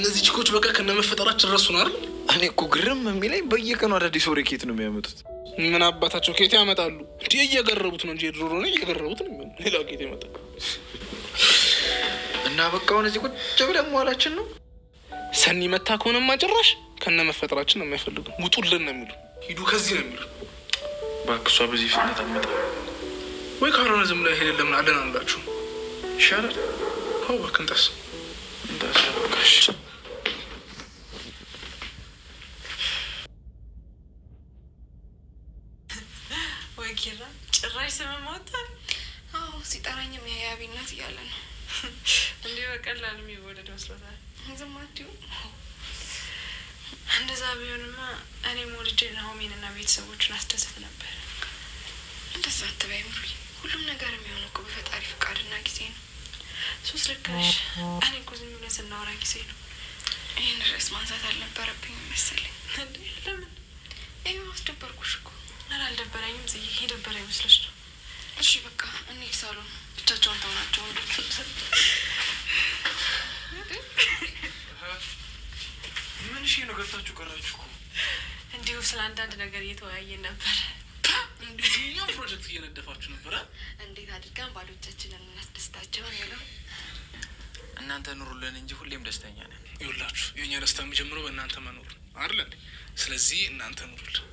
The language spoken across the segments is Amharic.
እነዚህ ችኮች በቃ ከነመፈጠራችን እረሱን አይደል? እኔ እኮ ግርም የሚለኝ በየቀኑ አዳዲስ ወሬ ኬት ነው የሚያመጡት። ምን አባታቸው ኬት ያመጣሉ? እንዲህ እየገረቡት ነው እንጂ የድሮ ነው እየገረቡት ነው። ሌላ ኬት ይመጣል እና በቃ አሁን እዚህ ቁጭ ብለን መዋላችን ነው። ሰኒ መታ ከሆነማ ጭራሽ ከነመፈጠራችን ነው የማይፈልጉ። ውጡልን ነው የሚሉ፣ ሂዱ ከዚህ ነው የሚሉ። እባክህ እሷ በዚህ ፍጥነት አመጣ ወይ ካልሆነ ዝም ላይ ሄደን ለምን አለን አንላችሁ ይሻላል። እባክህ እንጠስ እንጠስ ስምም አዎ ሲጠራኝም የያቢ እናት እያለ ነው። እንዲህ በቀላሉ የሚወደድ መስሎታል። ዝም አትዩ። እንደዛ ቢሆንማ እኔም ወልጄ ናሆሜን እና ቤተሰቦቹን አስደሰት ነበር። እንደዛ አትበይ ምሩ። ሁሉም ነገር የሚሆን እኮ በፈጣሪ ፍቃድና ጊዜ ነው። ሶስት ልክ እኔ እኮ ዝም ብለን ስናወራ ጊዜ ነው። ይህን ርዕስ ማንሳት አልነበረብኝ መሰለኝ። ለምን ይህ ማስደበርኩሽ እኮ አልደበረኝም። ዝዬ የደበረ ይመስለች ነው እሺ በቃ እኔ ሳሎን ብቻቸውን ተሆናቸው ምን ሺ ነው ገብታችሁ ቀራችሁ እኮ። እንዲሁ ስለ አንዳንድ ነገር እየተወያየን ነበር። እንዲኛው ፕሮጀክት እየነደፋችሁ ነበረ። እንዴት አድርገን ባሎቻችንን እናስደስታቸው ነው። እናንተ ኑሩልን እንጂ ሁሌም ደስተኛ ነን። ይውላችሁ የእኛ ደስታ የሚጀምረው በእናንተ መኖር አይደል? ስለዚህ እናንተ ኑሩልን።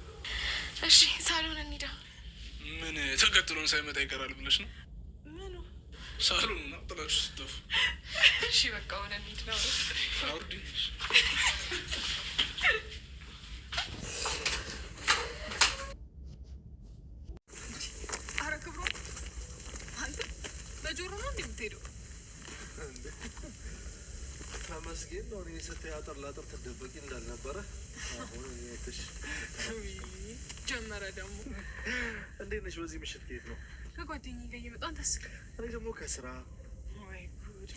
እሺ ሳሎን እንሂዳ ምን ተቀጥሎን ሳይመጣ ይቀራል ብለሽ ነው? ምኑ ሳሎን ነው ጥላችሁ ስትጠፉ። እሺ በቃ ሆነ እንሂድ ነው አውርድ ነው እኔ ስትይ አጥር ላጥር ትደበቂ እንዳልነበረ ጀመረ ደግሞ እንዴት ነሽ? በዚህ ምሽት ከየት ነው? ከጓደኛዬ ጋር እየመጣሁ አንተስ? እኔ ደግሞ ከስራ። ወይ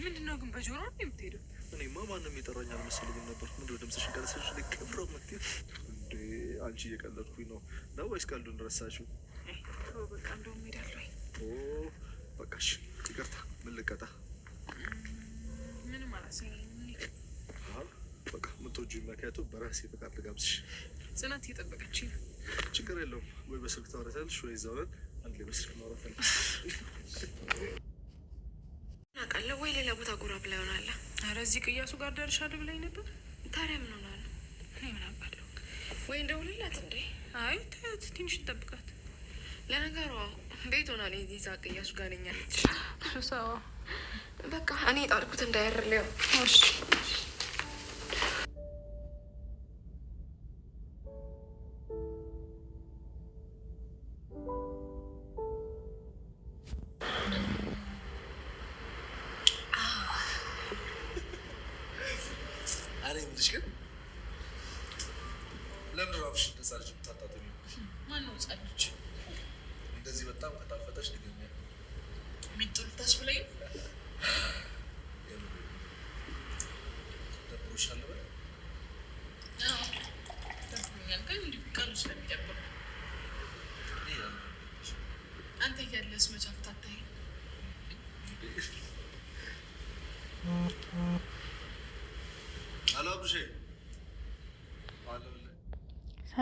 ምንድን ነው ግን በጆሮ ነው የምትሄደው? እኔማ ማንም የጠራኝ አልመሰለኝም ነበር። ምንድን ነው ድምፅሽን ቀንሰሽ ልቀብረ ምትል እንዴ? አንቺ እየቀለድኩኝ ነው ነው ወይስ ቀልዱን ረሳሽው? በቃ እንደውም ሄዳለሁ። በቃሽ፣ ይቅርታ። ምን ልቀጣ? ምንም አላሰኘኝም በቃ የምትወጂውን መኪያቶ በራሴ ፈቃድ ልጋብዝሽ። ጽናት እየጠበቀች ችግር የለውም ወይ በስልክ ታወራታለሽ ወይ እዛው ነን አንድ ላይ በስልክ እናወራታለን። አውቃለሁ ወይ ሌላ ቦታ ጎራ ብላ ይሆናለ። ኧረ እዚህ ቅያሱ ጋር ደርሻለሁ ብላኝ ነበር። ታዲያ ምን ሆናለሁ? እኔ ምን አውቃለሁ። ወይ እንደውልላት እንዴ? አይ ታያት፣ ትንሽ እንጠብቃት። ለነገሯ ቤት ሆናል ዛ ቅያሱ ጋር ነኛለች። በቃ እኔ ጣልኩት እንዳያርልየው። እሺ ለምንድን ነው አብሽ እንደዚያ ልጅ ማነው ጻድች እንደዚህ በጣም ከጣፈጠች ድገሚያ ሚጥሉታስ ብለኝ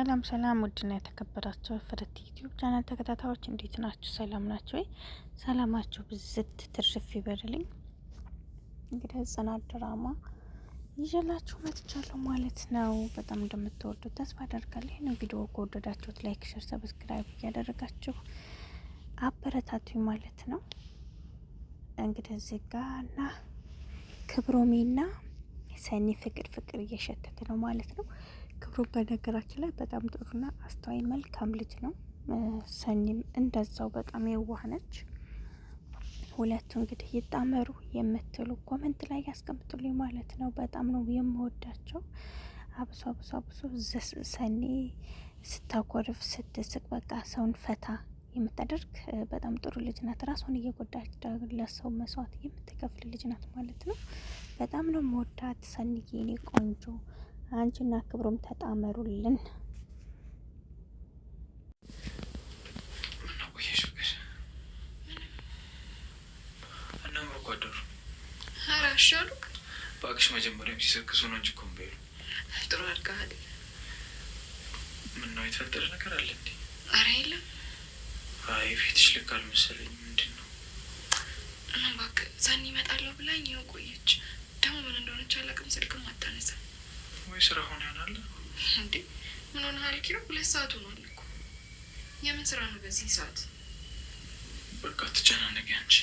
ሰላም ሰላም፣ ውድና የተከበራቸው ፍረት ዩቲዩብ ቻናል ተከታታዮች እንዴት ናችሁ? ሰላም ናችሁ ወይ? ሰላማችሁ ብዝት ትርፍ ይበርልኝ። እንግዲህ ህጽናት ድራማ ይዤላችሁ መጥቻለሁ ማለት ነው። በጣም እንደምትወዱት ተስፋ አደርጋለሁ። ይህን ቪዲዮ ከወደዳችሁት ላይክ፣ ሸር፣ ሰብስክራይብ እያደረጋችሁ አበረታቱኝ ማለት ነው። እንግዲህ እዚህ ጋና ክብሮሜና ሰኒ ፍቅር ፍቅር እየሸተተ ነው ማለት ነው። ክብሩ በነገራችን ላይ በጣም ጥሩና አስተዋይ መልካም ልጅ ነው። ሰኒም እንደዛው በጣም የዋህ ነች። ሁለቱ እንግዲህ ይጣመሩ የምትሉ ኮመንት ላይ ያስቀምጡልኝ ማለት ነው። በጣም ነው የምወዳቸው። አብሶ አብሶ አብሶ ሰኒ ስታኮርፍ ስትስቅ፣ በቃ ሰውን ፈታ የምታደርግ በጣም ጥሩ ልጅ ናት። ራሷን እየጎዳች ለሰው መስዋዕት የምትከፍል ልጅ ናት ማለት ነው። በጣም ነው የምወዳት ሰኒ የኔ ቆንጆ አንቺና ክብሮም ተጣመሩልን። እባክሽ መጀመሪያም ሲሰክሱ ነው እንጂ ኮምቤሉ ጥሩ አድርገሃል። ምነው የተፈጠረ ነገር አለ እንዴ? ኧረ የለም። አይ ፊትሽ ልክ አልመሰለኝ። ምንድን ነው? እባክህ ሰኒ እመጣለሁ ብላኝ ይኸው ቆየች። ደግሞ ምን እንደሆነች አላውቅም። ስልክም አታነሳም ወይ ስራ ሆን ይሆናል እንዴ? ምን ሆነ ኪሮ? ሁለት ሰዓት ሆኗል እኮ የምን ስራ ነው በዚህ ሰዓት? በቃ ትጨናነቂ አንቺ።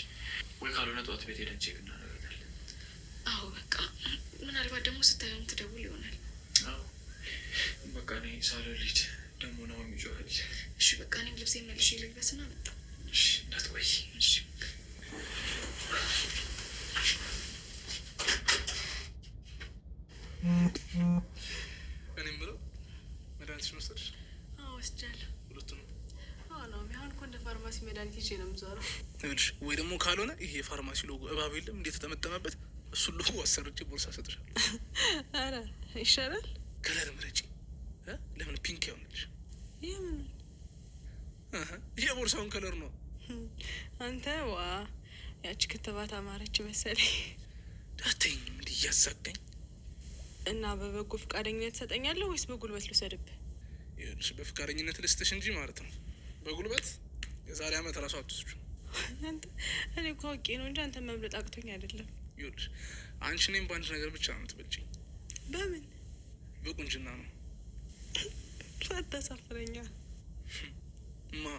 ወይ ካልሆነ ጠዋት ቤት ሄደን ቼክ እናደርጋለን። አዎ በቃ ምናልባት ደግሞ ስታየም ትደውል ይሆናል። አዎ በቃ እኔ ሳሎን ደግሞ ነው የሚጮኸል። እሺ በቃ እኔም ልብሴ መልሼ ልግበስና መጣ። እሺ እንዳትቆይ እሺ እኔ የምለው መድኃኒትሽ መሰለሽ? አዎ ወስጃለሁ። ሁለቱም አላውም። ያሁን እኮ እንደ ፋርማሲ መድኃኒት ይዤ ነው የምዞረው። ይኸውልሽ፣ ወይ ደግሞ ካልሆነ ይሄ የፋርማሲ ሎጎ እባብ የለም እንዴት ተጠመጠመበት? እሱን ሎጎ አሰርቼ ቦርሳ ሰጥሻለሁ። ኧረ ይሻላል። ከለር ምረጪ። ለምን ፒንክ ያሆነልሽ? የምን የቦርሳውን ከለር ነው አንተ ዋ ያቺ ክትባት አማረች መሰለኝ። ዳተኝ ምን እያዛጋኝ እና በበጎ ፈቃደኝነት ሰጠኛለሁ ወይስ በጉልበት ልውሰድብ? ይኸውልሽ በፍቃደኝነት ልስጥሽ እንጂ ማለት ነው። በጉልበት የዛሬ አመት ራሱ አትስጩ። እኔ እኮ አውቄ ነው እንጂ አንተ መብለጥ አቅቶኝ አይደለም። ይኸውልሽ አንቺ እኔም በአንድ ነገር ብቻ ነው የምትበልጪኝ። በምን? በቁንጅና ነው። አታሳፍረኛ ማ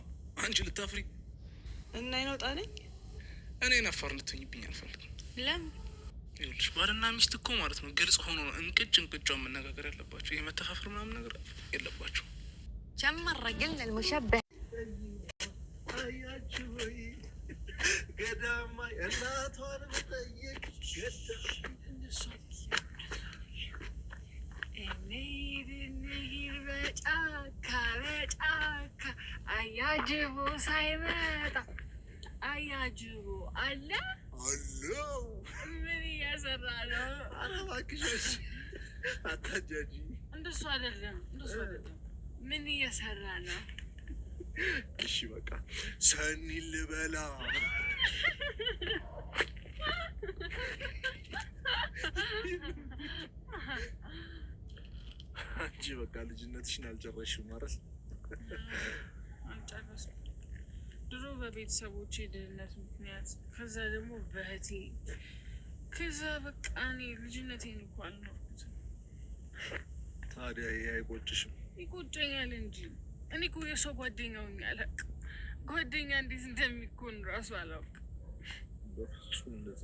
አንቺ ልታፍሪ እና ይነውጣ ነኝ እኔ ናፋር ልትሆኝብኝ አልፈልግም። ለምን? ይኸውልሽ ባልና ሚስት እኮ ማለት ነው ግልጽ ሆኖ ነው እንቅጭ እንቅጫው መነጋገር ያለባቸው። ይህ ምናምን ነገር የለባቸው። ጀመር ረግል ልሙሸበ በጫካ በጫካ አያጅቡ ሳይመጣ አያጅቡ አለ አለው እየሰራ ነው። ኧረ እባክሽ አታጃጂ። እንደሱ አይደለም፣ እንደሱ አይደለም። ምን እየሰራ ነው? እሺ በቃ ሰኒ ልበላ አንቺ በቃ ልጅነትሽን አልጨረስሽም። ማረስ አልጨረስኩም። ድሮ በቤተሰቦቼ ድህነት ምክንያት ከዛ ደግሞ በእህቴ ከዛ በቃ እኔ ልጅነቴን እኮ አልኖርኩትም። ታዲያ አይቆጭሽም? ይቆጨኛል እንጂ እኔ እኮ የሰው ጓደኛው ሆኜ ጓደኛ እንዴት እንደሚኮን ራሱ አላውቅ። በፍጹም እንደዛ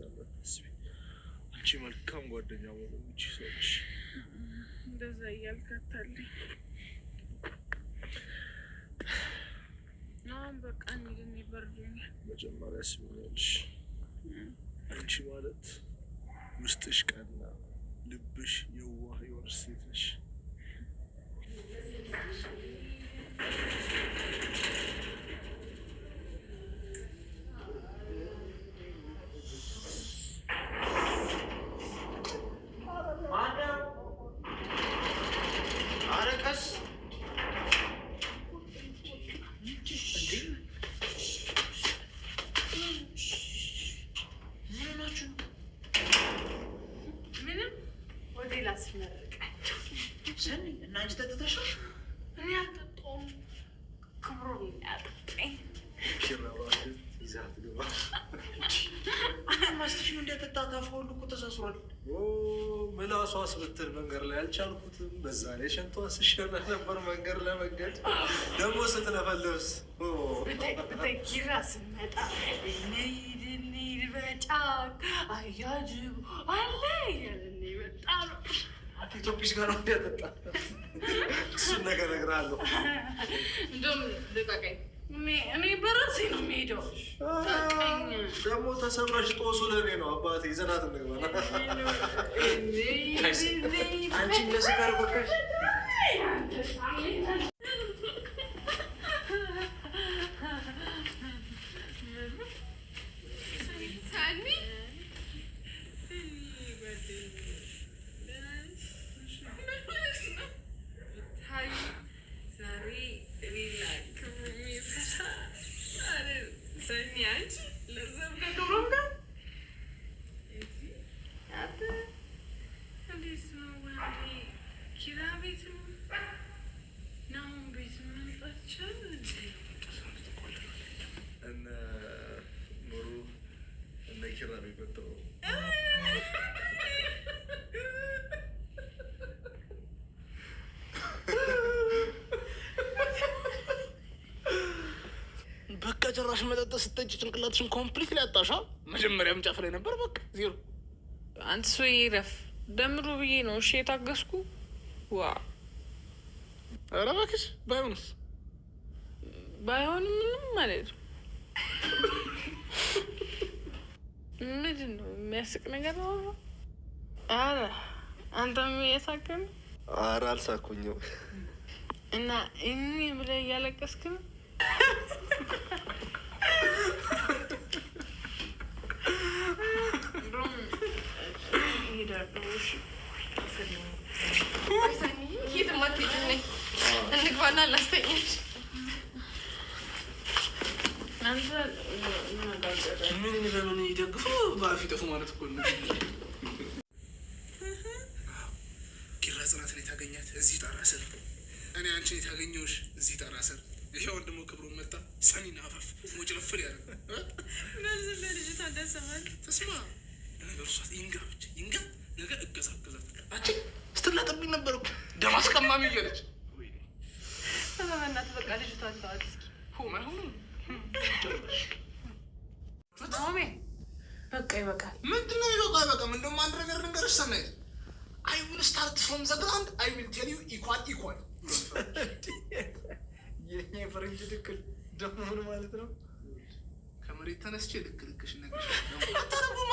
አንቺ መልካም ጓደኛ ሆነ ውጭ ሰዎች እንደዛ እያልካታለኝ አሁን በቃ እኔ ግን ይበርዱኛል። መጀመሪያ ሲሆናልሽ አንቺ ማለት مستشكى Biraz Sen Nancı'da tutaşır. Nerede Tom? Kıvrım nerede? Şuralarda izahını var. አልማዝ ሽን እንደጠጣ ታፈውን እኮ ተሳስሯል። ምላሷ ስብትር መንገድ ላይ አልቻልኩትም። በዛ ላይ ሸንቷ ስሸነፍ ነበር መንገድ ለመንገድ ደግሞ ስትለፈልፍስ በኪራ ስመጣ ነይድ እንሂድ በጫቅ አያጅብ አለ ኢትዮጵስ ጋር ነው እንዲያጠጣ እሱን ነገር እነግርሃለሁ። እንደውም ልቀቀኝ። እኔ በራሴ ነው የምሄደው። ደግሞ ተሰብረሽ ጦሱ ለእኔ ነው አባቴ። ይዘናት እንግባ። አንቺ ጭራሽ መጠጥ ስተጭ ጭንቅላትሽን ኮምፕሊት ሊያጣሻ መጀመሪያም ጫፍ ላይ ነበር። በቃ ዜሮ። አንተ ሰውዬ ረፍ ደምሮ ብዬ ነው እሺ የታገስኩ። ዋ ኧረ እባክሽ ባይሆንስ ባይሆን ምንም ማለት ነው። ምንድን ነው የሚያስቅ ነገር ነው? አረ አንተም እየሳቅን። አረ አልሳኩኝም። እና ይህን ብለህ እያለቀስክ እንግባና ምን በምን ይደግፉ በአፍ ይጠፉ ማለት እኮ ኪራ ጽናትን የታገኛት እዚህ ጣራ ስር፣ እኔ አንቺን የታገኘሁሽ እዚህ ጣራ ስር። ይሄ ወንድሞ ክብሩን መጣ ሰሚና አፈፍ ሞጭ ያለ መልስ ለልጅቷ እንዳሰማል ተስማ ነገ እርሷት ይንጋ ብቻ ይንጋ ነገ እገዛ እገዛ አቺ ነበር እኮ ደም አስቀማሚ እያለች በቃ ይበቃል። ምንድን ነው የሚለው? አይበቃም። እንደውም አንድ ነገር ልንገርሽ ሰናይት፣ አይ ዊል ስታርት ፍሮም ዘ ግራውንድ አይ ዊል ቴል ዩ ኢኳል ኢኳል። የእኛ የፈረንጅ ድክል ደግሞ ምን ማለት ነው? ከመሬት ተነስቼ ልክ ነገር አታረጉማ